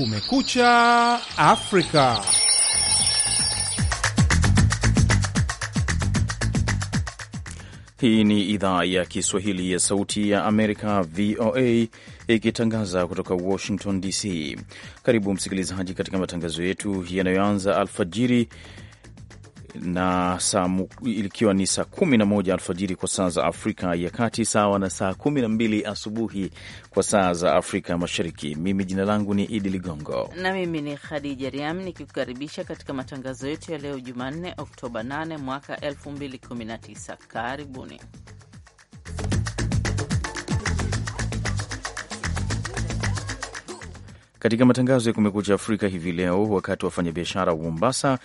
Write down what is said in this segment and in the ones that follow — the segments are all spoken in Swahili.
Kumekucha Afrika. Hii ni idhaa ya Kiswahili ya Sauti ya Amerika, VOA, ikitangaza kutoka Washington DC. Karibu msikilizaji, katika matangazo yetu yanayoanza alfajiri na saa ikiwa ni saa kumi na moja alfajiri kwa saa za Afrika ya Kati, sawa na saa kumi na mbili asubuhi kwa saa za Afrika Mashariki. Mimi jina langu ni Idi Ligongo na mimi ni Khadija Riam nikikukaribisha katika matangazo yetu ya leo Jumanne, Oktoba 8 mwaka 2019. Karibuni. Katika matangazo ya Kumekucha Afrika hivi leo, wakati wafanyabiashara wa Mombasa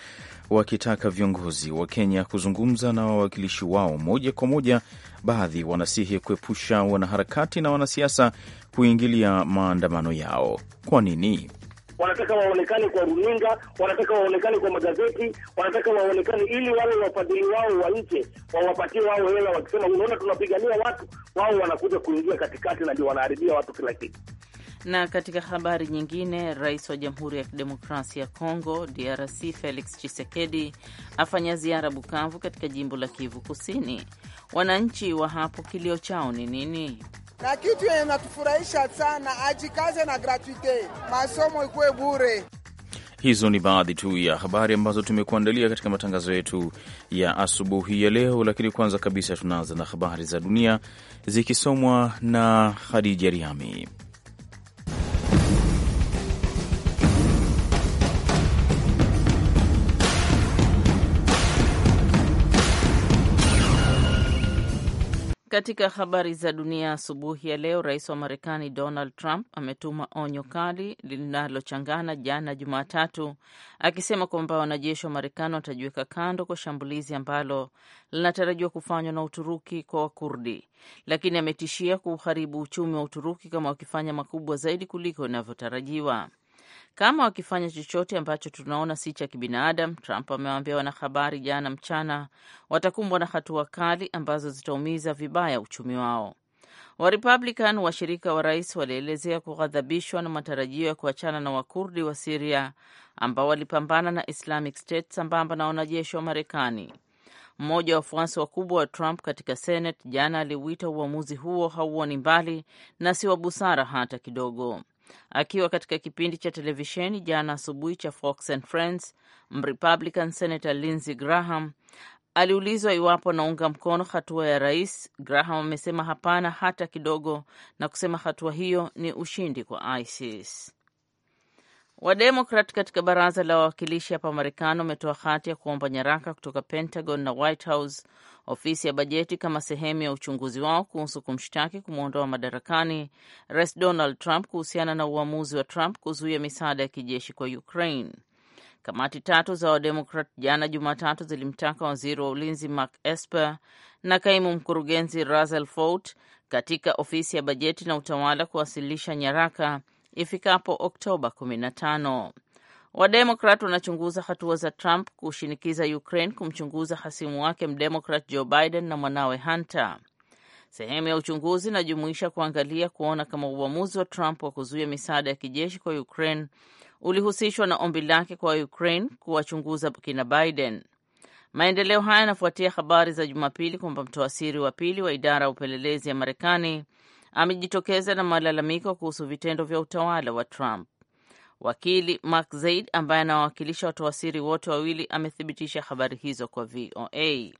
wakitaka viongozi wa Kenya kuzungumza na wawakilishi wao moja kwa moja. Baadhi wanasihi kuepusha wanaharakati na wanasiasa kuingilia maandamano yao. Kwa nini? Wanataka waonekane kwa runinga, wanataka waonekane kwa magazeti, wanataka waonekane ili wale wafadhili wao wa nje wawapatie wao hela, wakisema unaona tunapigania watu, wao wanakuja kuingia katikati na ndio wanaharibia watu kila kitu. Na katika habari nyingine, rais wa Jamhuri ya Kidemokrasia ya Kongo DRC Felix Tshisekedi afanya ziara Bukavu katika jimbo la Kivu Kusini. Wananchi wa hapo kilio chao ni nini? na kitu yenye natufurahisha sana, ajikaze na gratuite, masomo ikuwe bure. Hizo ni baadhi tu ya habari ambazo tumekuandalia katika matangazo yetu ya asubuhi ya leo, lakini kwanza kabisa tunaanza na habari za dunia zikisomwa na Khadija Riami. Katika habari za dunia asubuhi ya leo, rais wa Marekani Donald Trump ametuma onyo kali linalochangana jana Jumatatu, akisema kwamba wanajeshi wa Marekani watajiweka kando kwa shambulizi ambalo linatarajiwa kufanywa na Uturuki kwa Wakurdi, lakini ametishia kuuharibu uchumi wa Uturuki kama wakifanya makubwa zaidi kuliko inavyotarajiwa kama wakifanya chochote ambacho tunaona si cha kibinadamu. Trump amewaambia wanahabari jana mchana watakumbwa na hatua kali ambazo zitaumiza vibaya uchumi wao. Warepublican washirika wa rais walielezea kughadhabishwa na matarajio ya kuachana na Wakurdi wa Siria ambao walipambana na Islamic State sambamba na wanajeshi wa Marekani. Mmoja wa wafuasi wakubwa wa Trump katika Senate jana aliuita uamuzi huo hauoni mbali na si wa busara hata kidogo. Akiwa katika kipindi cha televisheni jana asubuhi cha Fox and Friends, Mrepublican Senator Lindsey Graham aliulizwa iwapo anaunga mkono hatua ya rais. Graham amesema hapana hata kidogo, na kusema hatua hiyo ni ushindi kwa ISIS. Wademokrat katika baraza la wawakilishi hapa Marekani wametoa hati ya kuomba nyaraka kutoka Pentagon na White House, ofisi ya bajeti, kama sehemu ya uchunguzi wao kuhusu kumshtaki kumwondoa madarakani Rais Donald Trump kuhusiana na uamuzi wa Trump kuzuia misaada ya kijeshi kwa Ukraine. Kamati tatu za Wademokrat jana Jumatatu zilimtaka waziri wa ulinzi Mark Esper na kaimu mkurugenzi Russell fort katika ofisi ya bajeti na utawala kuwasilisha nyaraka ifikapo Oktoba 15. Wademokrat wanachunguza hatua za Trump kushinikiza Ukraine kumchunguza hasimu wake mdemokrat Joe Biden na mwanawe Hunter. Sehemu ya uchunguzi inajumuisha kuangalia kuona kama uamuzi wa Trump wa kuzuia misaada ya kijeshi kwa Ukraine ulihusishwa na ombi lake kwa Ukraine kuwachunguza kina Biden. Maendeleo haya yanafuatia habari za Jumapili kwamba mtoa siri wa pili wa idara ya upelelezi ya Marekani amejitokeza na malalamiko kuhusu vitendo vya utawala wa Trump. Wakili Mark Zaid ambaye anawawakilisha watoa siri wote wawili amethibitisha habari hizo kwa VOA.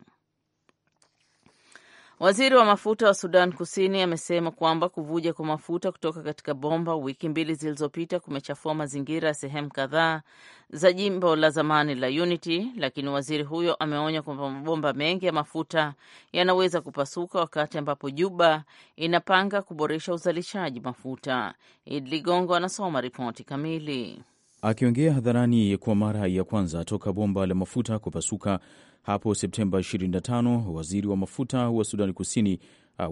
Waziri wa mafuta wa Sudan Kusini amesema kwamba kuvuja kwa mafuta kutoka katika bomba wiki mbili zilizopita kumechafua mazingira ya sehemu kadhaa za jimbo la zamani la Unity, lakini waziri huyo ameonya kwamba mabomba mengi ya mafuta yanaweza kupasuka wakati ambapo Juba inapanga kuboresha uzalishaji mafuta. Idi Ligongo anasoma ripoti kamili. Akiongea hadharani kwa mara ya kwanza toka bomba la mafuta kupasuka hapo Septemba 25. Waziri wa mafuta wa Sudani Kusini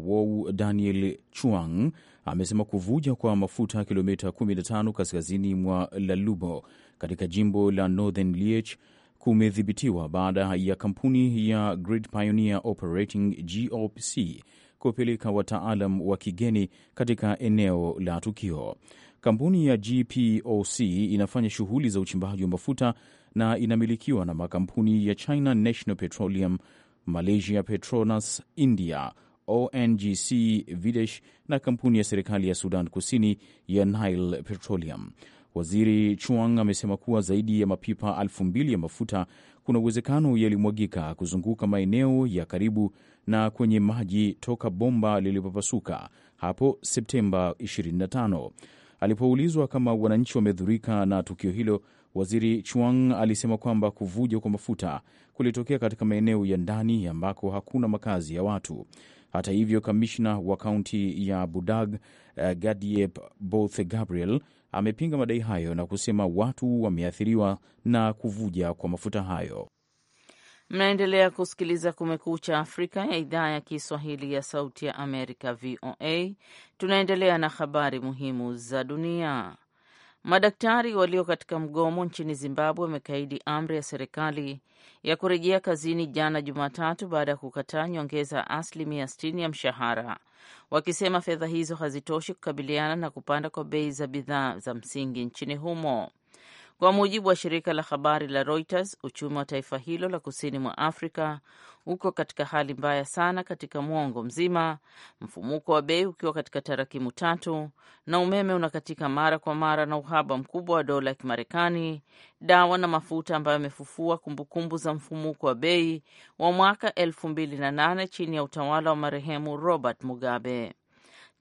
Wou Daniel Chuang amesema kuvuja kwa mafuta kilomita 15 kaskazini mwa Lalubo katika jimbo la Northern Liech kumedhibitiwa baada ya kampuni ya Great Pioneer Operating GOPC kupeleka wataalam wa kigeni katika eneo la tukio. Kampuni ya GPOC inafanya shughuli za uchimbaji wa mafuta na inamilikiwa na makampuni ya China National Petroleum, Malaysia Petronas India, ONGC Videsh na kampuni ya serikali ya Sudan Kusini ya Nile Petroleum. Waziri Chuang amesema kuwa zaidi ya mapipa elfu mbili ya mafuta kuna uwezekano yalimwagika kuzunguka maeneo ya karibu na kwenye maji toka bomba lilipopasuka hapo Septemba 25. Alipoulizwa kama wananchi wamedhurika na tukio hilo, Waziri Chuang alisema kwamba kuvuja kwa mafuta kulitokea katika maeneo ya ndani ambako hakuna makazi ya watu. Hata hivyo, kamishna wa kaunti ya Budag uh, eh, Gadiep Both Gabriel amepinga madai hayo na kusema watu wameathiriwa na kuvuja kwa mafuta hayo. Mnaendelea kusikiliza Kumekucha Afrika ya idhaa ya Kiswahili ya Sauti ya Amerika, VOA. Tunaendelea na habari muhimu za dunia. Madaktari walio katika mgomo nchini Zimbabwe wamekaidi amri ya serikali ya kurejea kazini jana Jumatatu baada ya kukataa nyongeza ya asilimia 60 ya mshahara, wakisema fedha hizo hazitoshi kukabiliana na kupanda kwa bei za bidhaa za msingi nchini humo. Kwa mujibu wa shirika la habari la Reuters, uchumi wa taifa hilo la kusini mwa Afrika uko katika hali mbaya sana katika mwongo mzima, mfumuko wa bei ukiwa katika tarakimu tatu, na umeme unakatika mara kwa mara, na uhaba mkubwa wa dola ya Kimarekani, dawa na mafuta ambayo yamefufua kumbukumbu za mfumuko wa bei wa mwaka 28 chini ya utawala wa marehemu Robert Mugabe.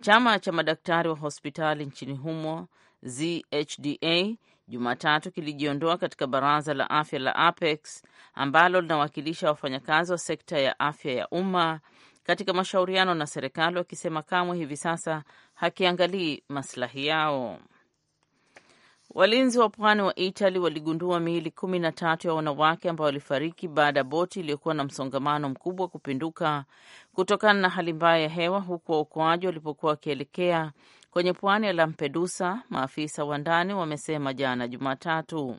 Chama cha madaktari wa hospitali nchini humo ZHDA Jumatatu kilijiondoa katika baraza la afya la APEX ambalo linawakilisha wafanyakazi wa sekta ya afya ya umma katika mashauriano na serikali, wakisema kamwe hivi sasa hakiangalii maslahi yao. Walinzi wa pwani wa Itali waligundua miili kumi na tatu ya wanawake ambao walifariki baada ya boti iliyokuwa na msongamano mkubwa kupinduka kutokana na hali mbaya ya hewa, huku waokoaji walipokuwa wakielekea kwenye pwani ya Lampedusa, maafisa wa ndani wamesema jana Jumatatu.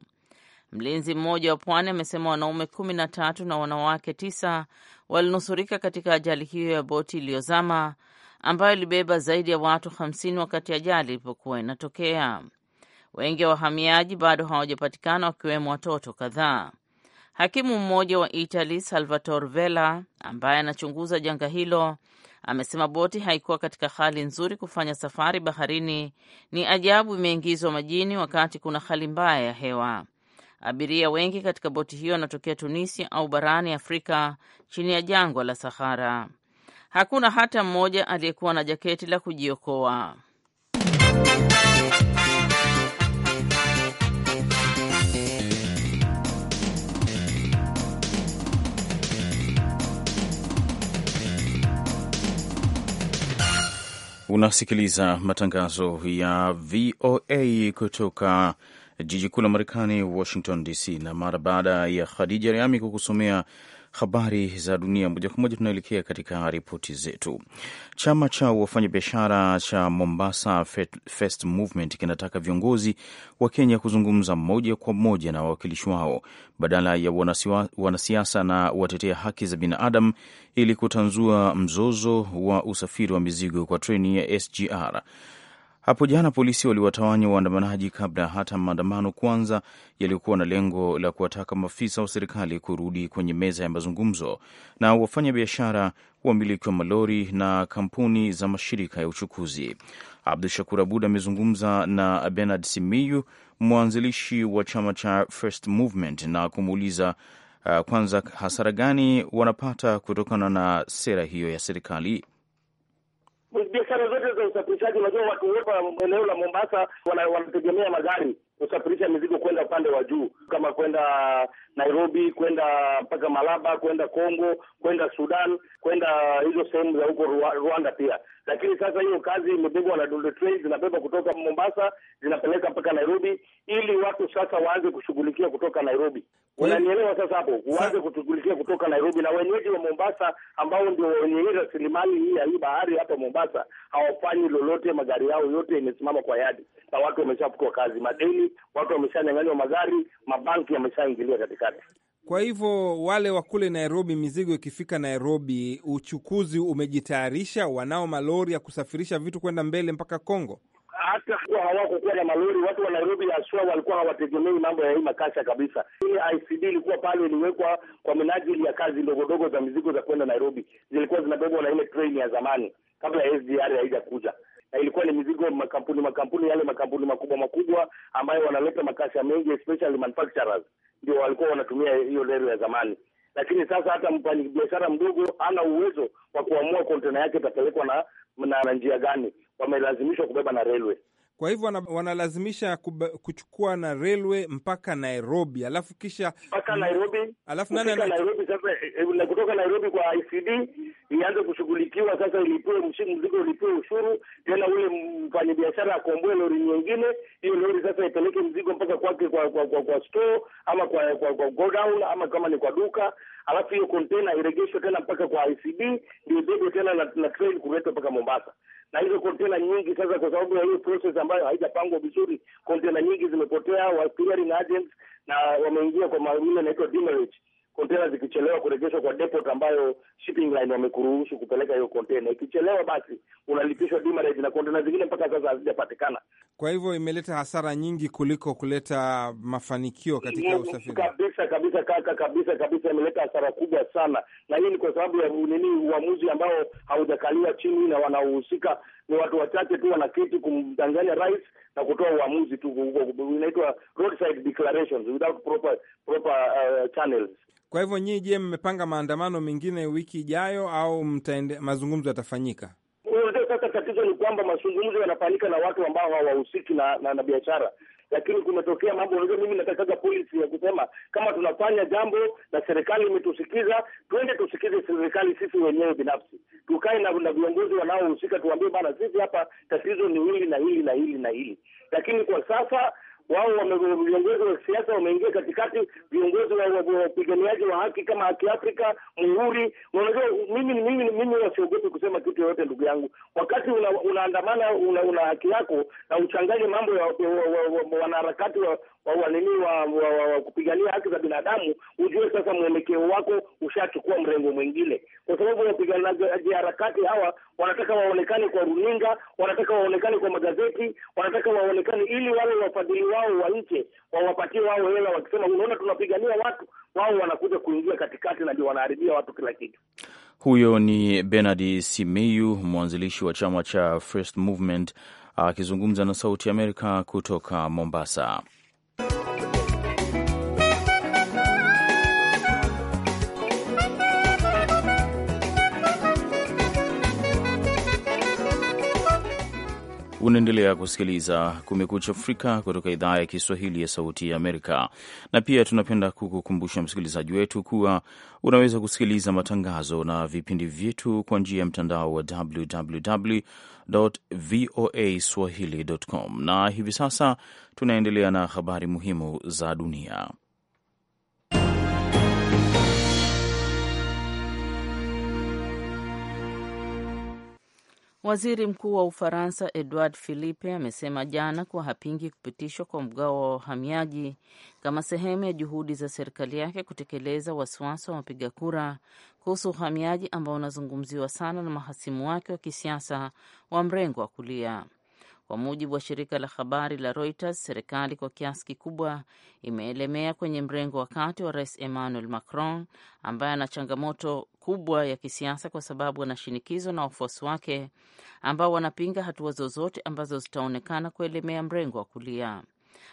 Mlinzi mmoja wa pwani amesema wanaume kumi na tatu na wanawake tisa walinusurika katika ajali hiyo ya boti iliyozama ambayo ilibeba zaidi ya watu 50 wakati ajali ilipokuwa inatokea. Wengi wa wahamiaji bado hawajapatikana wakiwemo watoto kadhaa. Hakimu mmoja wa itali Salvatore Vella ambaye anachunguza janga hilo amesema boti haikuwa katika hali nzuri kufanya safari baharini. Ni ajabu imeingizwa majini wakati kuna hali mbaya ya hewa. Abiria wengi katika boti hiyo wanatokea Tunisia au barani Afrika chini ya jangwa la Sahara. Hakuna hata mmoja aliyekuwa na jaketi la kujiokoa. Unasikiliza matangazo ya VOA kutoka jiji kuu la Marekani, Washington DC, na mara baada ya Khadija Riami kukusomea habari za dunia moja kwa moja, tunaelekea katika ripoti zetu. Chama cha wafanyabiashara cha Mombasa First Movement kinataka viongozi wa Kenya kuzungumza moja kwa moja na wawakilishi wao badala ya wanasiasa na watetea haki za binadamu ili kutanzua mzozo wa usafiri wa mizigo kwa treni ya SGR. Hapo jana polisi waliwatawanya waandamanaji kabla hata maandamano kuanza, yaliyokuwa na lengo la kuwataka maafisa wa serikali kurudi kwenye meza ya mazungumzo na wafanyabiashara, wamiliki wa malori na kampuni za mashirika ya uchukuzi. Abdu Shakur Abud amezungumza na Bernard Simiyu, mwanzilishi wa chama cha First Movement, na kumuuliza uh, kwanza hasara gani wanapata kutokana na sera hiyo ya serikali biashara zote za usafirishaji, unajua watu wote wa eneo la Mombasa wanategemea magari kusafirisha mizigo kwenda upande wa juu kama kwenda Nairobi, kwenda mpaka Malaba, kwenda Kongo, kwenda Sudan, kwenda hizo sehemu za huko Rwanda pia. Lakini sasa hiyo kazi imebebwa na Dolly zinabeba kutoka Mombasa zinapeleka mpaka Nairobi, ili watu sasa waanze kushughulikia kutoka Nairobi. Unanielewa sasa hapo, uanze kushughulikia kutoka Nairobi, na wenyeji wa Mombasa ambao ndio wenye hii rasilimali hii ya hii bahari hapa Mombasa hawafanyi lolote, magari yao yote imesimama kwa yadi na watu wameshafutua kazi, madeni watu wameshanyang'anywa magari, mabanki yameshaingilia katikati. Kwa hivyo wale wa kule Nairobi, mizigo ikifika Nairobi, uchukuzi umejitayarisha, wanao malori ya kusafirisha vitu kwenda mbele mpaka Kongo. Hata kuwa hawakukuwa na malori, watu wa Nairobi haswa walikuwa hawategemei mambo ya hii makasha kabisa. Ile ICD ilikuwa pale, iliwekwa kwa minajili ya kazi ndogondogo za mizigo za kwenda Nairobi, zilikuwa zinabebwa na ile treni ya zamani kabla ya SGR haijakuja na eh, ilikuwa ni mizigo makampuni makampuni yale makampuni makubwa makubwa ambayo wanaleta makasha mengi especially manufacturers ndio walikuwa wanatumia hiyo reli ya zamani lakini sasa hata mfanyabiashara mdogo ana uwezo wa kuamua kontena yake itapelekwa na, na, na njia gani. Wamelazimishwa kubeba na railway, kwa hivyo wana, wanalazimisha kuchukua na railway mpaka Nairobi, alafu kisha mpaka Nairobi, alafu nani Nairobi sasa, eh, eh, kutoka Nairobi kwa ICD ianze kushughulikiwa sasa, ilipiwe mzigo, ulipiwe ushuru tena, ule mfanyabiashara akomboe lori nyingine, hiyo lori sasa ipeleke mzigo mpaka kwake kwa kwa, kwa, kwa store ama kwa kwa, kwa godown ama kama ni kwa duka, alafu hiyo kontena iregeshwe tena mpaka kwa ICB ndio ibebwe tena na, na train kuletwa mpaka Mombasa na hizo kontena nyingi sasa, kwa sababu ya hiyo process ambayo haijapangwa vizuri, kontena nyingi zimepotea, wa clearing agents na wameingia kwa mambo inaitwa demurrage kontena zikichelewa kurejeshwa kwa depot ambayo shipping line wamekuruhusu kupeleka hiyo kontena, ikichelewa basi unalipishwa demurrage, na kontena zingine mpaka sasa hazijapatikana. Kwa hivyo imeleta hasara nyingi kuliko kuleta mafanikio katika usafiri. Kabisa kabisa kaka, kabisa kabisa, imeleta hasara kubwa sana, na hii ni kwa sababu ya nini? Uamuzi ambao haujakaliwa chini na wanaohusika ni watu wachache tu wanaketi kumdanganya rais na kutoa uamuzi tu, inaitwa roadside declarations without proper proper uh, channels. Kwa hivyo nyinyi, je, mmepanga maandamano mengine wiki ijayo au mtaende, mazungumzo yatafanyika? tatizo ni kwamba mazungumzo yanafanyika na watu ambao hawahusiki na, na, na biashara lakini kumetokea mambo. Unajua, mimi natakaga polisi ya kusema kama tunafanya jambo na serikali imetusikiza, twende tusikize serikali sisi wenyewe binafsi, tukae na viongozi wanaohusika, tuambie bana, sisi hapa tatizo ni hili na hili na hili na hili. Lakini kwa sasa wao viongozi wa siasa wameingia katikati, viongozi wa wapiganiaji wa haki kama Haki Afrika, Muhuri. Unajua mimi mimi mimi wasiogopi kusema kitu yoyote, ndugu yangu. Wakati unaandamana una haki yako na uchanganye mambo ya wanaharakati wanini wa, wa, wa, wa kupigania haki za binadamu, ujue sasa mwelekeo wako ushachukua mrengo mwingine, kwa sababu wapiganaji harakati hawa wanataka waonekane kwa runinga, wanataka waonekane kwa magazeti, wanataka waonekane ili wale wafadhili wao wa nje wawapatie wao hela, wakisema unaona, tunapigania watu, wao wanakuja kuingia katikati na ndio wanaharibia watu kila kitu. Huyo ni Bernard Simiyu, mwanzilishi wa chama cha First Movement akizungumza na Sauti Amerika kutoka Mombasa. Unaendelea kusikiliza Kumekucha Afrika kutoka idhaa ya Kiswahili ya Sauti ya Amerika. Na pia tunapenda kukukumbusha msikilizaji wetu kuwa unaweza kusikiliza matangazo na vipindi vyetu kwa njia ya mtandao wa www voa swahili com, na hivi sasa tunaendelea na habari muhimu za dunia. Waziri Mkuu wa Ufaransa Edouard Philippe amesema jana kuwa hapingi kupitishwa kwa mgao wa wahamiaji kama sehemu ya juhudi za serikali yake kutekeleza wasiwasi wa wapiga kura kuhusu uhamiaji ambao unazungumziwa sana na mahasimu wake wa kisiasa wa mrengo wa kulia. Kwa mujibu wa shirika la habari la Reuters, serikali kwa kiasi kikubwa imeelemea kwenye mrengo wa kati wa Rais Emmanuel Macron ambaye ana changamoto kubwa ya kisiasa kwa sababu anashinikizwa na wafuasi wake ambao wanapinga hatua zozote ambazo zitaonekana kuelemea mrengo wa kulia.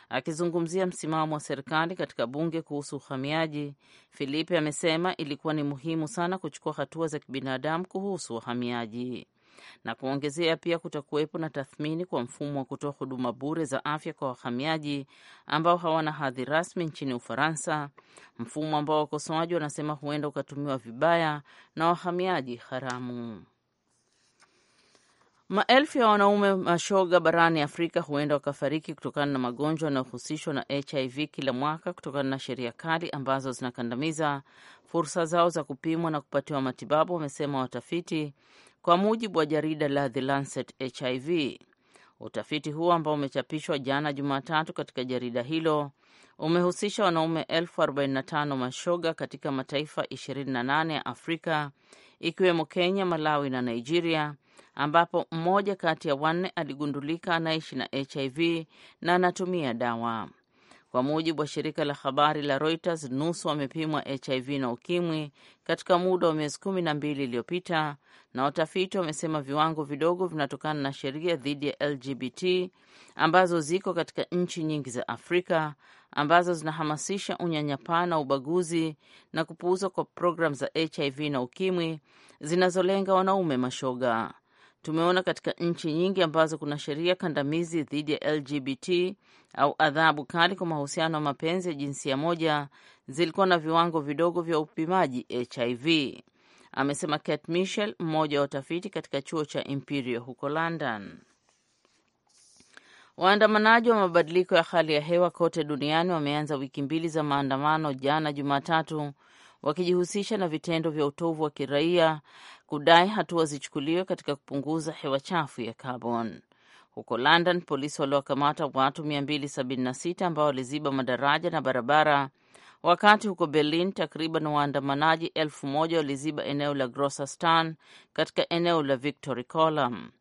Akizungumzia msimamo wa serikali katika bunge kuhusu uhamiaji, Filipe amesema ilikuwa ni muhimu sana kuchukua hatua za kibinadamu kuhusu uhamiaji na kuongezea pia kutakuwepo na tathmini kwa mfumo wa kutoa huduma bure za afya kwa wahamiaji ambao hawana hadhi rasmi nchini Ufaransa, mfumo ambao wakosoaji wanasema huenda ukatumiwa vibaya na wahamiaji haramu. Maelfu ya wanaume mashoga barani Afrika huenda wakafariki kutokana na magonjwa yanayohusishwa na HIV kila mwaka kutokana na sheria kali ambazo zinakandamiza fursa zao za kupimwa na kupatiwa matibabu, wamesema watafiti kwa mujibu wa jarida la The Lancet HIV. Utafiti huo ambao umechapishwa jana Jumatatu katika jarida hilo umehusisha wanaume 45 mashoga katika mataifa 28 ya Afrika ikiwemo Kenya, Malawi na Nigeria, ambapo mmoja kati ya wanne aligundulika anaishi na HIV na anatumia dawa. Kwa mujibu wa shirika la habari la Reuters, nusu wamepimwa HIV na ukimwi katika muda wa miezi kumi na mbili iliyopita, na watafiti wamesema viwango vidogo vinatokana na sheria dhidi ya LGBT ambazo ziko katika nchi nyingi za Afrika ambazo zinahamasisha unyanyapaa na ubaguzi na kupuuzwa kwa programu za HIV na ukimwi zinazolenga wanaume mashoga. Tumeona katika nchi nyingi ambazo kuna sheria kandamizi dhidi ya LGBT au adhabu kali kwa mahusiano ya mapenzi ya jinsia moja zilikuwa na viwango vidogo vya upimaji HIV, amesema Kate Mitchell, mmoja wa watafiti katika chuo cha Imperial huko London. Waandamanaji wa mabadiliko ya hali ya hewa kote duniani wameanza wiki mbili za maandamano jana Jumatatu, wakijihusisha na vitendo vya utovu wa kiraia kudai hatua zichukuliwe katika kupunguza hewa chafu ya carbon Huko London, polisi waliwakamata watu 276 ambao waliziba madaraja na barabara, wakati huko Berlin takriban waandamanaji elfu moja waliziba eneo la Grosser Stern katika eneo la Victory Column.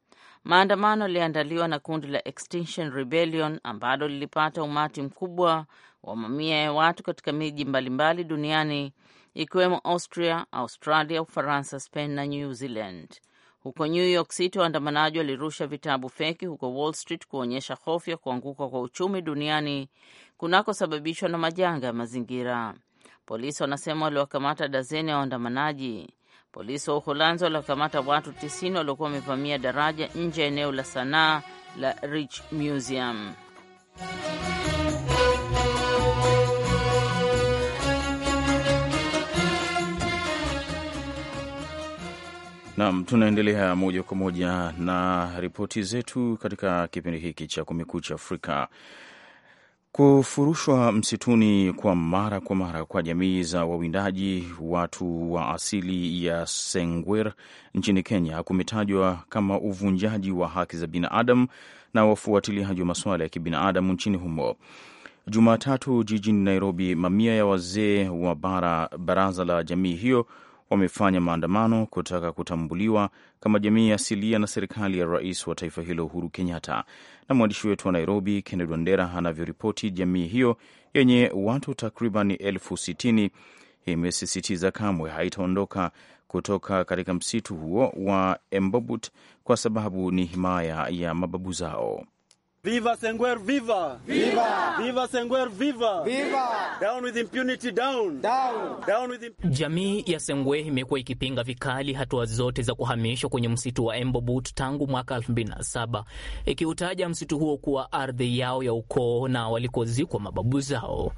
Maandamano yaliandaliwa na kundi la Extinction Rebellion ambalo lilipata umati mkubwa wa mamia ya watu katika miji mbalimbali duniani ikiwemo Austria, Australia, Ufaransa, Spain na new Zealand. Huko New York City, waandamanaji walirusha vitabu feki huko Wall Street kuonyesha hofu ya kuanguka kwa uchumi duniani kunakosababishwa na majanga ya mazingira. Polisi wanasema waliwakamata dazeni ya waandamanaji. Polisi wa Uholanzi waliwakamata watu 90 waliokuwa wamevamia daraja nje ya eneo la sanaa la Rijksmuseum. Naam, tunaendelea moja kwa moja na ripoti zetu katika kipindi hiki cha Kumekucha Afrika. Kufurushwa msituni kwa mara kwa mara kwa jamii za wawindaji watu wa asili ya Sengwer nchini Kenya kumetajwa kama uvunjaji wa haki za binadamu na wafuatiliaji wa masuala ya kibinadamu nchini humo. Jumatatu jijini Nairobi, mamia ya wazee wa bara baraza la jamii hiyo wamefanya maandamano kutaka kutambuliwa kama jamii asilia na serikali ya rais wa taifa hilo Uhuru Kenyatta. Na mwandishi wetu wa Nairobi, Kennedy Wandera, anavyoripoti, jamii hiyo yenye watu takriban elfu sitini imesisitiza kamwe haitaondoka kutoka katika msitu huo wa Embobut kwa sababu ni himaya ya mababu zao. Viva Sengwer, viva. Viva. Viva Sengwer, viva. Viva. Down with impunity, down. Down. Down with impunity. Jamii ya Sengwer imekuwa ikipinga vikali hatua zote za kuhamishwa kwenye msitu wa Embobut tangu mwaka 2007 ikiutaja msitu huo kuwa ardhi yao ya ukoo na walikozikwa mababu zao.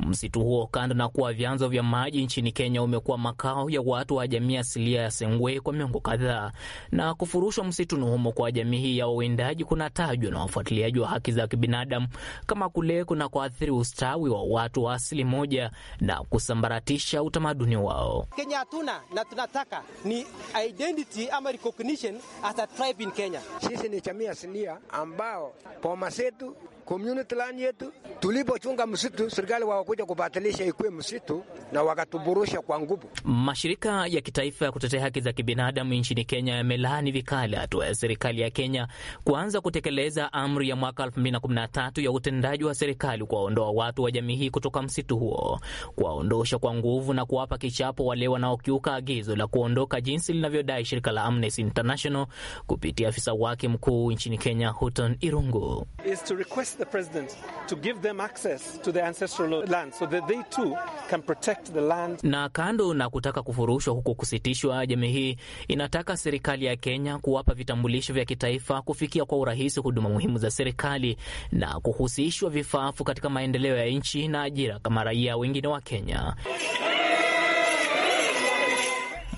Msitu huo kando na kuwa vyanzo vya maji nchini Kenya, umekuwa makao ya watu wa jamii asilia ya Sengwe kwa miongo kadhaa, na kufurushwa msitu humo kwa jamii hii ya kuna kunatajwa na wafuatiliaji uingiliaji wa haki za kibinadamu kama kule kuna kuathiri ustawi wa watu wa asili moja na kusambaratisha utamaduni wao. Kenya hatuna na tunataka ni identity ama recognition as a tribe in Kenya. Sisi ni jamii asilia ambao poma zetu community land yetu. Tulipochunga msitu, serikali wakuja kubatilisha ikuwe msitu na wakatuburusha kwa nguvu. Mashirika ya kitaifa ya kutetea haki za kibinadamu nchini Kenya yamelaani vikali hatua ya serikali ya Kenya kuanza kutekeleza amri ya mwaka 2013 ya utendaji wa serikali kuwaondoa watu wa jamii hii kutoka msitu huo, kuwaondosha kwa nguvu na kuwapa kichapo wale wanaokiuka agizo la kuondoka, jinsi linavyodai shirika la Amnesty International kupitia afisa wake mkuu nchini Kenya Houghton Irungu. Is to request the president to give them access to the ancestral land so that they too can protect the land. Na kando na kutaka kufurushwa huko kusitishwa, jamii hii inataka serikali ya Kenya kuwapa vitambulisho vya kitaifa kufikia kwa urahisi huduma muhimu za serikali na kuhusishwa vifaafu katika maendeleo ya nchi na ajira kama raia wengine wa Kenya.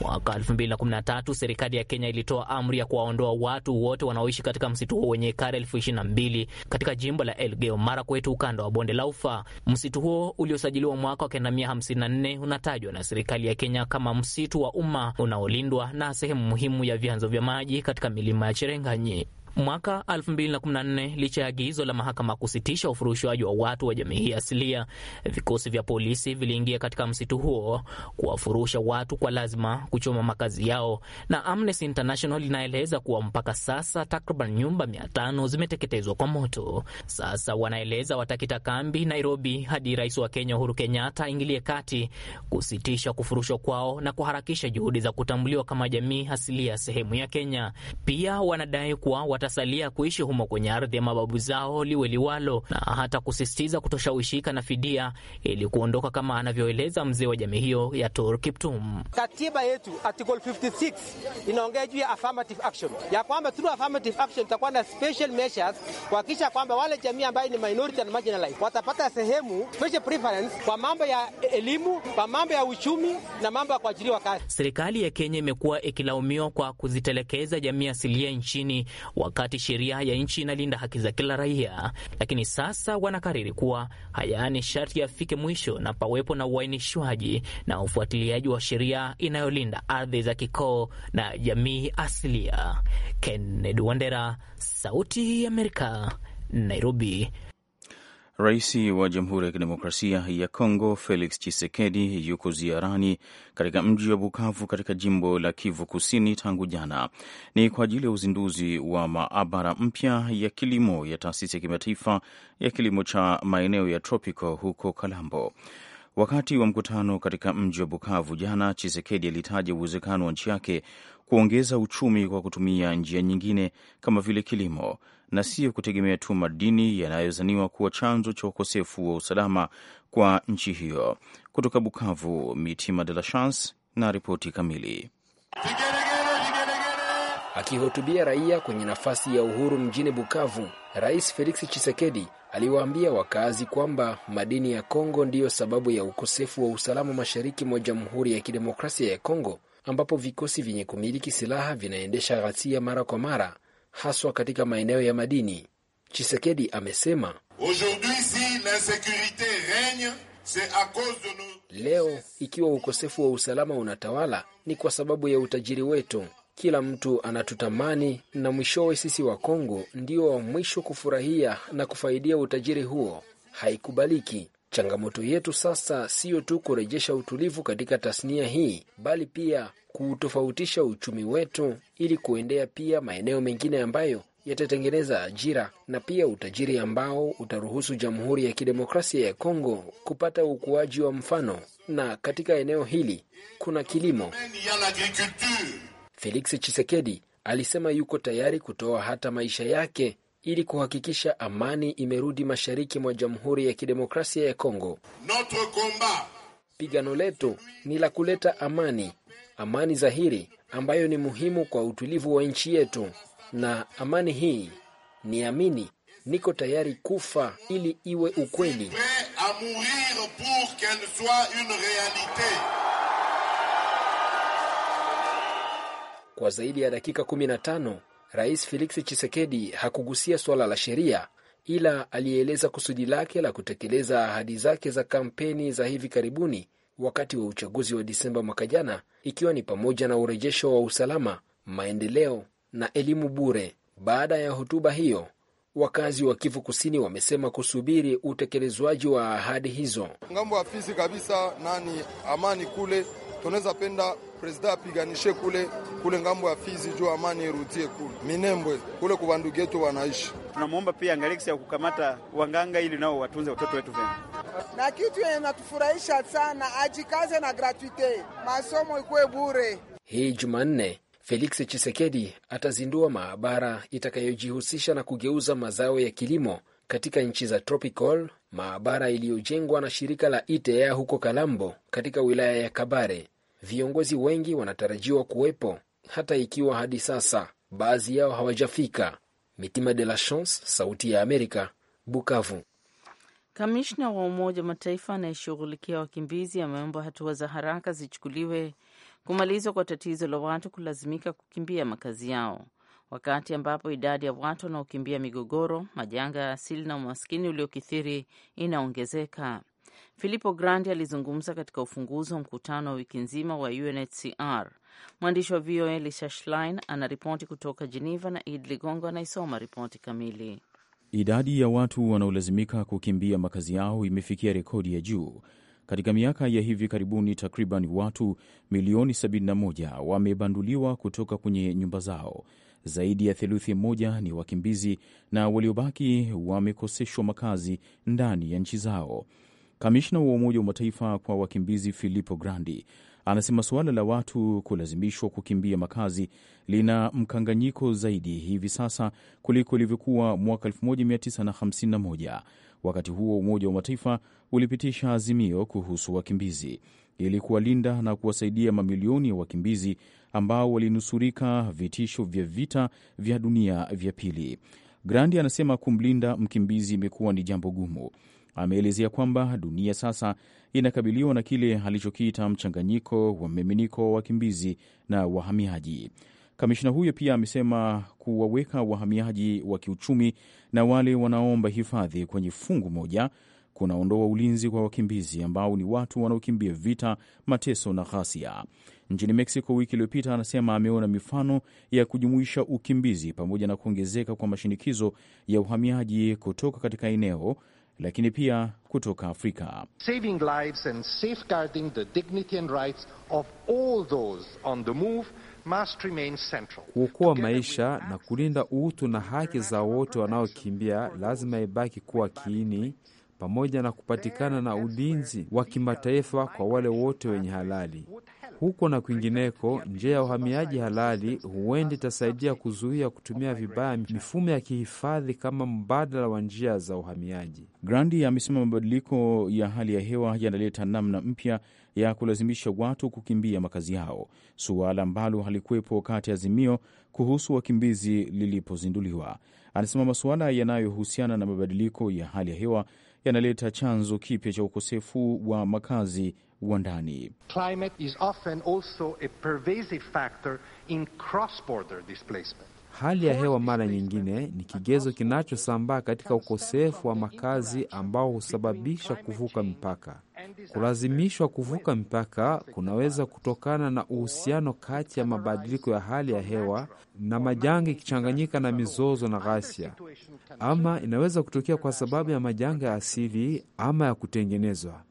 Mwaka 2013 serikali ya Kenya ilitoa amri ya kuwaondoa watu wote wanaoishi katika msitu huo wenye ekari elfu ishirini na mbili katika jimbo la Elgeyo Marakwet, ukanda wa bonde la Ufa. Msitu huo uliosajiliwa mwaka wa 1954 unatajwa na serikali ya Kenya kama msitu wa umma unaolindwa na sehemu muhimu ya vyanzo vya maji katika milima ya Cherenganyi. Mwaka 2014 licha ya agizo la mahakama kusitisha ufurushwaji wa watu wa jamii hii asilia, vikosi vya polisi viliingia katika msitu huo kuwafurusha watu kwa lazima, kuchoma makazi yao, na Amnesty International inaeleza kuwa mpaka sasa takriban nyumba 500 zimeteketezwa kwa moto. Sasa wanaeleza watakita kambi Nairobi hadi rais wa Kenya Uhuru Kenyatta aingilie kati kusitisha kufurushwa kwao na kuharakisha juhudi za kutambuliwa kama jamii asilia sehemu ya Kenya. Pia wanadai kuwa watasalia kuishi humo kwenye ardhi ya mababu zao liwe liwalo, na hata kusisitiza kutoshawishika na fidia ili kuondoka, kama anavyoeleza mzee wa jamii hiyo ya Tor Kiptum. Katiba yetu article 56 inaongea juu ya affirmative action, ya kwamba through affirmative action tutakuwa na special measures kuhakikisha kwamba wale jamii ambayo ni minority and marginalized watapata sehemu special preference kwa mambo ya elimu, kwa mambo ya uchumi na mambo ya kuajiriwa kazi. Serikali ya Kenya imekuwa ikilaumiwa kwa kuzitelekeza jamii asilia nchini wa wakati sheria ya nchi inalinda haki za kila raia, lakini sasa wanakariri kuwa hayaani sharti yafike mwisho na pawepo na uainishwaji na ufuatiliaji wa sheria inayolinda ardhi za kikoo na jamii asilia. Kennedy Wandera, Sauti ya Amerika, Nairobi. Rais wa Jamhuri ya Kidemokrasia ya Kongo Felix Tshisekedi yuko ziarani katika mji wa Bukavu katika jimbo la Kivu Kusini tangu jana. Ni kwa ajili ya uzinduzi wa maabara mpya ya kilimo ya taasisi ya kimataifa ya kilimo cha maeneo ya tropico huko Kalambo. Wakati wa mkutano katika mji wa Bukavu jana, Chisekedi alitaja uwezekano wa nchi yake kuongeza uchumi kwa kutumia njia nyingine kama vile kilimo na sio kutegemea tu madini yanayozaniwa kuwa chanzo cha ukosefu wa usalama kwa nchi hiyo. Kutoka Bukavu, Mitima De La Chance na ripoti kamili. Akihutubia raia kwenye nafasi ya uhuru mjini Bukavu, Rais Felix Tshisekedi aliwaambia wakazi kwamba madini ya Kongo ndiyo sababu ya ukosefu wa usalama mashariki mwa Jamhuri ya Kidemokrasia ya Kongo ambapo vikosi vyenye kumiliki silaha vinaendesha ghasia mara kwa mara, haswa katika maeneo ya madini. Chisekedi amesema leo, ikiwa ukosefu wa usalama unatawala, ni kwa sababu ya utajiri wetu. Kila mtu anatutamani na mwishowe sisi wa Kongo ndio wa mwisho kufurahia na kufaidia utajiri huo. Haikubaliki. Changamoto yetu sasa siyo tu kurejesha utulivu katika tasnia hii, bali pia kuutofautisha uchumi wetu ili kuendea pia maeneo mengine ambayo yatatengeneza ajira na pia utajiri ambao utaruhusu Jamhuri ya Kidemokrasia ya Kongo kupata ukuaji wa mfano, na katika eneo hili kuna kilimo. Felix chisekedi alisema yuko tayari kutoa hata maisha yake ili kuhakikisha amani imerudi mashariki mwa Jamhuri ya Kidemokrasia ya Kongo. Pigano letu ni la kuleta amani, amani dhahiri ambayo ni muhimu kwa utulivu wa nchi yetu, na amani hii niamini, niko tayari kufa ili iwe ukweli. Kwa zaidi ya dakika 15 Rais Felix Tshisekedi hakugusia suala la sheria, ila alieleza kusudi lake la kutekeleza ahadi zake za kampeni za hivi karibuni wakati wa uchaguzi wa Disemba mwaka jana, ikiwa ni pamoja na urejesho wa usalama, maendeleo na elimu bure. Baada ya hotuba hiyo, wakazi wa Kivu Kusini wamesema kusubiri utekelezwaji wa ahadi hizo. Ngambo ya Fizi kabisa nani amani kule tunaweza penda presida apiganishe kule kule ngambo ya Fizi juu amani irudie kule Minembwe kule kwa ndugu yetu wanaishi. Tunamwomba pia angaliksi ya kukamata wanganga ili nao watunze watoto wetu vema Na kitu yenye natufurahisha sana, ajikaze na gratuite, masomo ikuwe bure. Hii Jumanne Felix chisekedi atazindua maabara itakayojihusisha na kugeuza mazao ya kilimo katika nchi za tropical, maabara iliyojengwa na shirika la ITEA huko Kalambo katika wilaya ya Kabare viongozi wengi wanatarajiwa kuwepo, hata ikiwa hadi sasa baadhi yao hawajafika. Mitima de la Chance, Sauti ya Amerika, Bukavu. Kamishna wa Umoja wa Mataifa anayeshughulikia wakimbizi ameomba hatua za haraka zichukuliwe kumalizwa kwa tatizo la watu kulazimika kukimbia makazi yao, wakati ambapo idadi ya watu wanaokimbia migogoro, majanga ya asili na umaskini uliokithiri inaongezeka. Filippo Grandi alizungumza katika ufunguzi wa mkutano wa wiki nzima wa UNHCR. Mwandishi wa VOA Lisa Schlein anaripoti kutoka Geneva na Id Ligongo anaisoma ripoti kamili. Idadi ya watu wanaolazimika kukimbia makazi yao imefikia rekodi ya juu katika miaka ya hivi karibuni. Takriban watu milioni 71 wamebanduliwa kutoka kwenye nyumba zao. Zaidi ya theluthi moja ni wakimbizi na waliobaki wamekoseshwa makazi ndani ya nchi zao. Kamishna wa Umoja wa Mataifa kwa wakimbizi Filippo Grandi anasema suala la watu kulazimishwa kukimbia makazi lina mkanganyiko zaidi hivi sasa kuliko ilivyokuwa mwaka 1951. Wakati huo Umoja wa Mataifa ulipitisha azimio kuhusu wakimbizi ili kuwalinda na kuwasaidia mamilioni ya wakimbizi ambao walinusurika vitisho vya vita vya dunia vya pili. Grandi anasema kumlinda mkimbizi imekuwa ni jambo gumu, Ameelezea kwamba dunia sasa inakabiliwa na kile alichokiita mchanganyiko wa mmiminiko wa wakimbizi na wahamiaji. Kamishna huyo pia amesema kuwaweka wahamiaji wa kiuchumi na wale wanaomba hifadhi kwenye fungu moja kunaondoa ulinzi kwa wakimbizi ambao ni watu wanaokimbia vita, mateso na ghasia nchini Mexico. Wiki iliyopita, anasema ameona mifano ya kujumuisha ukimbizi pamoja na kuongezeka kwa mashinikizo ya uhamiaji kutoka katika eneo lakini pia kutoka Afrika. Saving lives and safeguarding the dignity and rights of all those on the move must remain central. Kuokoa maisha na kulinda utu na haki za wote wanaokimbia lazima ibaki kuwa kiini pamoja na kupatikana na ulinzi wa kimataifa kwa wale wote wenye halali. Huko na kwingineko, njia ya uhamiaji halali huenda itasaidia kuzuia kutumia vibaya mifumo ya kihifadhi kama mbadala wa njia za uhamiaji. Grandi amesema mabadiliko ya hali ya hewa yanaleta namna mpya ya kulazimisha watu kukimbia makazi yao, suala ambalo halikuwepo wakati azimio kuhusu wakimbizi lilipozinduliwa. Anasema masuala yanayohusiana na mabadiliko ya hali ya hewa yanaleta chanzo kipya cha ukosefu wa makazi wa ndani. Climate is often also a pervasive factor in cross-border displacement. Hali ya hewa mara nyingine ni kigezo kinachosambaa katika ukosefu wa makazi ambao husababisha kuvuka mipaka. Kulazimishwa kuvuka mipaka kunaweza kutokana na uhusiano kati ya mabadiliko ya hali ya hewa na majanga, ikichanganyika na mizozo na ghasia, ama inaweza kutokea kwa sababu ya majanga ya asili ama ya kutengenezwa.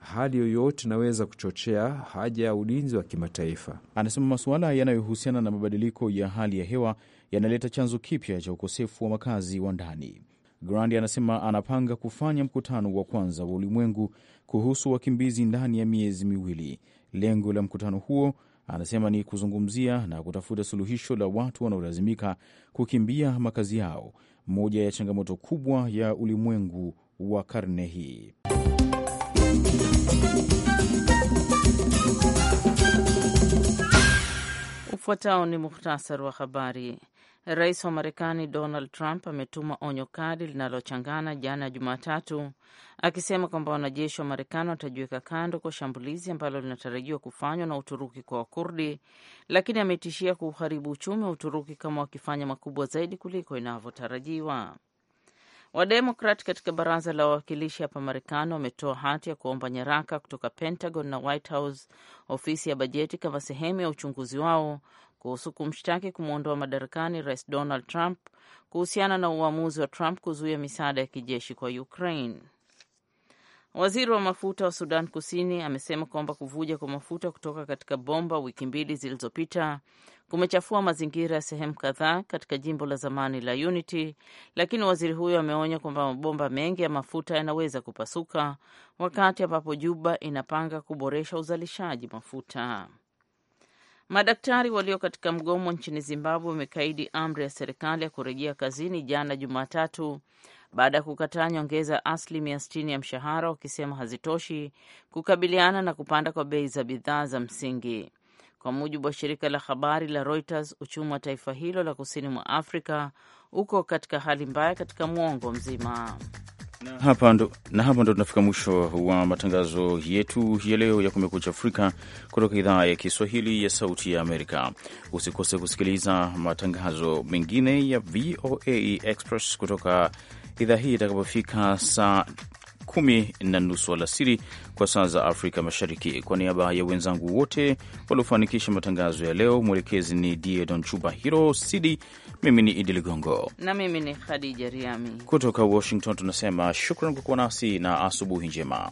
Hali yoyote inaweza kuchochea haja ya ulinzi wa kimataifa, anasema. Masuala yanayohusiana na mabadiliko ya hali ya hewa yanaleta chanzo kipya cha ukosefu wa makazi wa ndani. Grandi anasema anapanga kufanya mkutano wa kwanza wa ulimwengu kuhusu wakimbizi ndani ya miezi miwili. Lengo la mkutano huo anasema ni kuzungumzia na kutafuta suluhisho la watu wanaolazimika kukimbia makazi yao, moja ya changamoto kubwa ya ulimwengu wa karne hii. Ufuatao ni muhtasari wa habari. Rais wa Marekani Donald Trump ametuma onyo kali linalochangana jana Jumatatu, akisema kwamba wanajeshi wa Marekani watajiweka kando kwa shambulizi ambalo linatarajiwa kufanywa na Uturuki kwa Wakurdi, lakini ametishia kuharibu uchumi wa Uturuki kama wakifanya makubwa zaidi kuliko inavyotarajiwa. Wademokrat katika baraza la wawakilishi hapa Marekani wametoa hati ya kuomba nyaraka kutoka Pentagon na White House, ofisi ya bajeti, kama sehemu ya uchunguzi wao kuhusu kumshtaki kumwondoa madarakani Rais Donald Trump kuhusiana na uamuzi wa Trump kuzuia misaada ya kijeshi kwa Ukraine. Waziri wa mafuta wa Sudan Kusini amesema kwamba kuvuja kwa mafuta kutoka katika bomba wiki mbili zilizopita kumechafua mazingira ya sehemu kadhaa katika jimbo la zamani la Unity, lakini waziri huyo ameonya kwamba mabomba mengi ya mafuta yanaweza kupasuka wakati ambapo Juba inapanga kuboresha uzalishaji mafuta. Madaktari walio katika mgomo nchini Zimbabwe wamekaidi amri ya serikali ya kurejea kazini jana Jumatatu baada ya kukataa nyongeza asilimia 60 ya mshahara, wakisema hazitoshi kukabiliana na kupanda kwa bei za bidhaa za msingi. Kwa mujibu wa shirika la habari la Reuters, uchumi wa taifa hilo la kusini mwa Afrika uko katika hali mbaya katika mwongo mzima. Hapa ndo, na hapa ndo tunafika mwisho wa matangazo yetu ya leo ya Kumekucha Afrika kutoka idhaa ya Kiswahili ya Sauti ya Amerika. Usikose kusikiliza matangazo mengine ya VOA Express kutoka idhaa hii itakapofika saa kumi na nusu alasiri kwa saa za Afrika Mashariki. Kwa niaba ya wenzangu wote waliofanikisha matangazo ya leo, mwelekezi ni Diedon Chuba Hiro Sidi. Mimi ni Idi Ligongo na mimi ni Khadija Riami kutoka Washington, tunasema shukran kwa kuwa nasi na asubuhi njema.